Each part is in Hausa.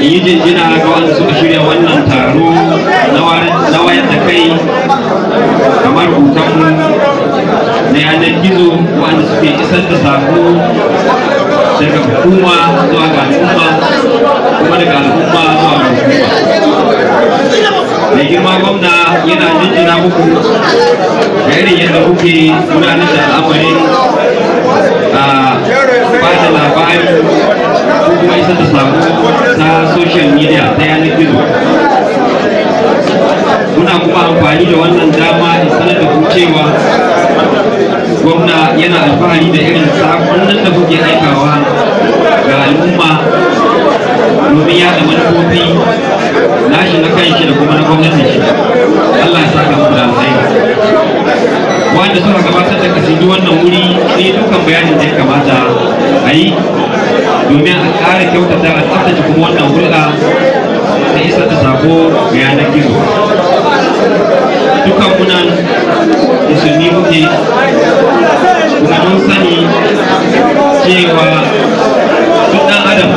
yi jinjina ga wanda suka shirya wannan taro na wayar da kai kamar hutanmu na yanar gizo wanda suke isar da sako daga hukuma zuwa ga al'umma kuma daga al'umma zuwa ga hukuma mai girma gwamna yana jinjina muku da irin yadda kuke gudanar da al'amarin a ah, isar da sako ta social media ta yanar gizo muna kuma amfani da wannan dama da sanar da ku cewa gwamna yana alfahari da irin sakonnin da kuke aikawa ga al'umma domin ya da manufofi nashi na shi da kuma na gwamnatin shi Allah ya saka mu da wanda suka gabatar da kasidu wannan wuri sai dukkan bayanin da ya kamata a yi domin a ƙara kyautata a tsaftace kuma wannan hulɗa ta isa ta sako ga yanar gizo dukan munan musulmi muke kuma don sani cewa duk ɗan adam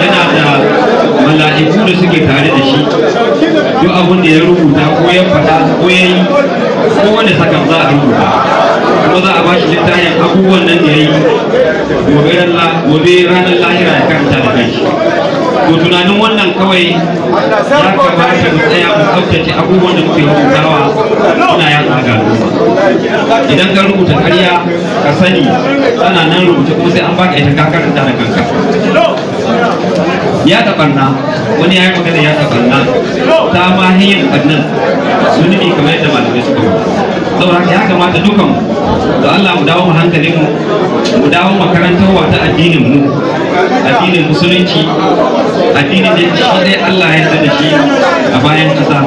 yana da mala'iku da suke tare da shi duk abin da ya rubuta ko ya faɗa ko ya yi ko wanda sakan za a rubuta kuma za littafin abubuwan nan da ya yi gobe ranar lahira ya karanta da kai to tunanin wannan kawai ya kamata mu tsaya mu tsaftace abubuwan da muke rubutawa suna ya tsaga al'umma idan ka rubuta karya ka sani tana nan rubuta kuma sai an baka ita ka karanta da kanka ya da barna wani ya yi magana ya da barna ta ma hanyar barnan zunubi kamar yadda malamai suka yi saboda ya kamata dukan da Allah mu dawo mu hankalin mu mu dawo makarantar ta addinin mu addinin musulunci addinin da shi dai Allah ya yarda da shi a bayan kasa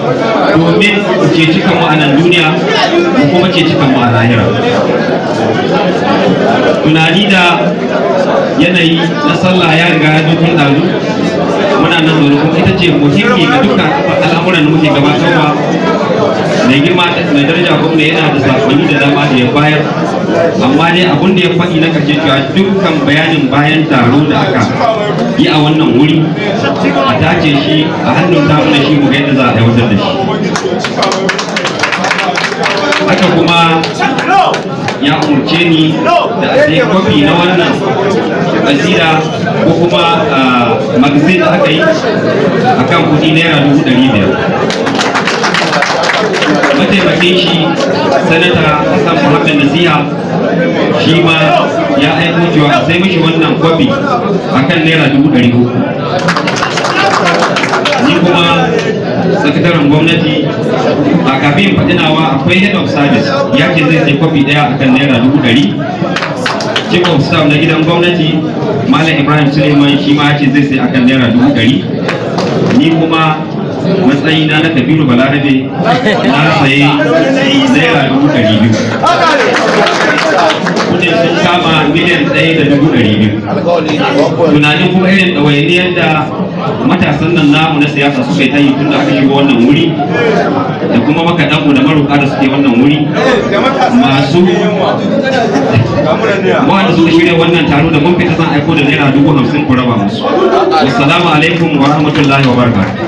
domin mu ce cikan mu a duniya mu kuma ce cikan mu a lahira tunani da yanayi na sallah ya riga ya dukkan muke gabatarwa mai girma mai daraja gwamna yana da sakonni da dama da ya bayar amma dai abun da ya faɗi na karshe dukkan bayanin bayan taro da aka yi a wannan wuri a tace shi a hannun samun da shi mu ga yadda za a da shi haka kuma ya umarce ni da a kwafi na wannan ajira ko kuma magazin da aka yi a kan kudi naira dubu ɗari biyar mataimakin shi sanata hassan muhammad nasiha shi ma ya aiko cewa a sai mishi wannan kwafi a kan naira dubu ɗari uku ni kuma sakataren gwamnati a kafin faɗinawa akwai head of service ya ce zai sai kwafi ɗaya a kan naira dubu ɗari jacob staff na gidan gwamnati malam ibrahim suleiman shi ma ce zai sai akan naira dubu ɗari ni kuma matsayina na kabiru balarabe na saye naira dubu ɗari biyu kudin sun kama miliyan ɗaya da dubu ɗari biyu tunanin kuma irin ɗawainiyar da matasan nan namu na siyasa suka yi tayi tunda tun da aka shiga wannan wuri da kuma makaɗanmu da maruka da suke wannan wuri masu wanda suka shirya wannan taro da mun fita zan aiko da naira dubu hamsin ku raba musu assalamu alaikum wa rahmatullahi wa barakatuh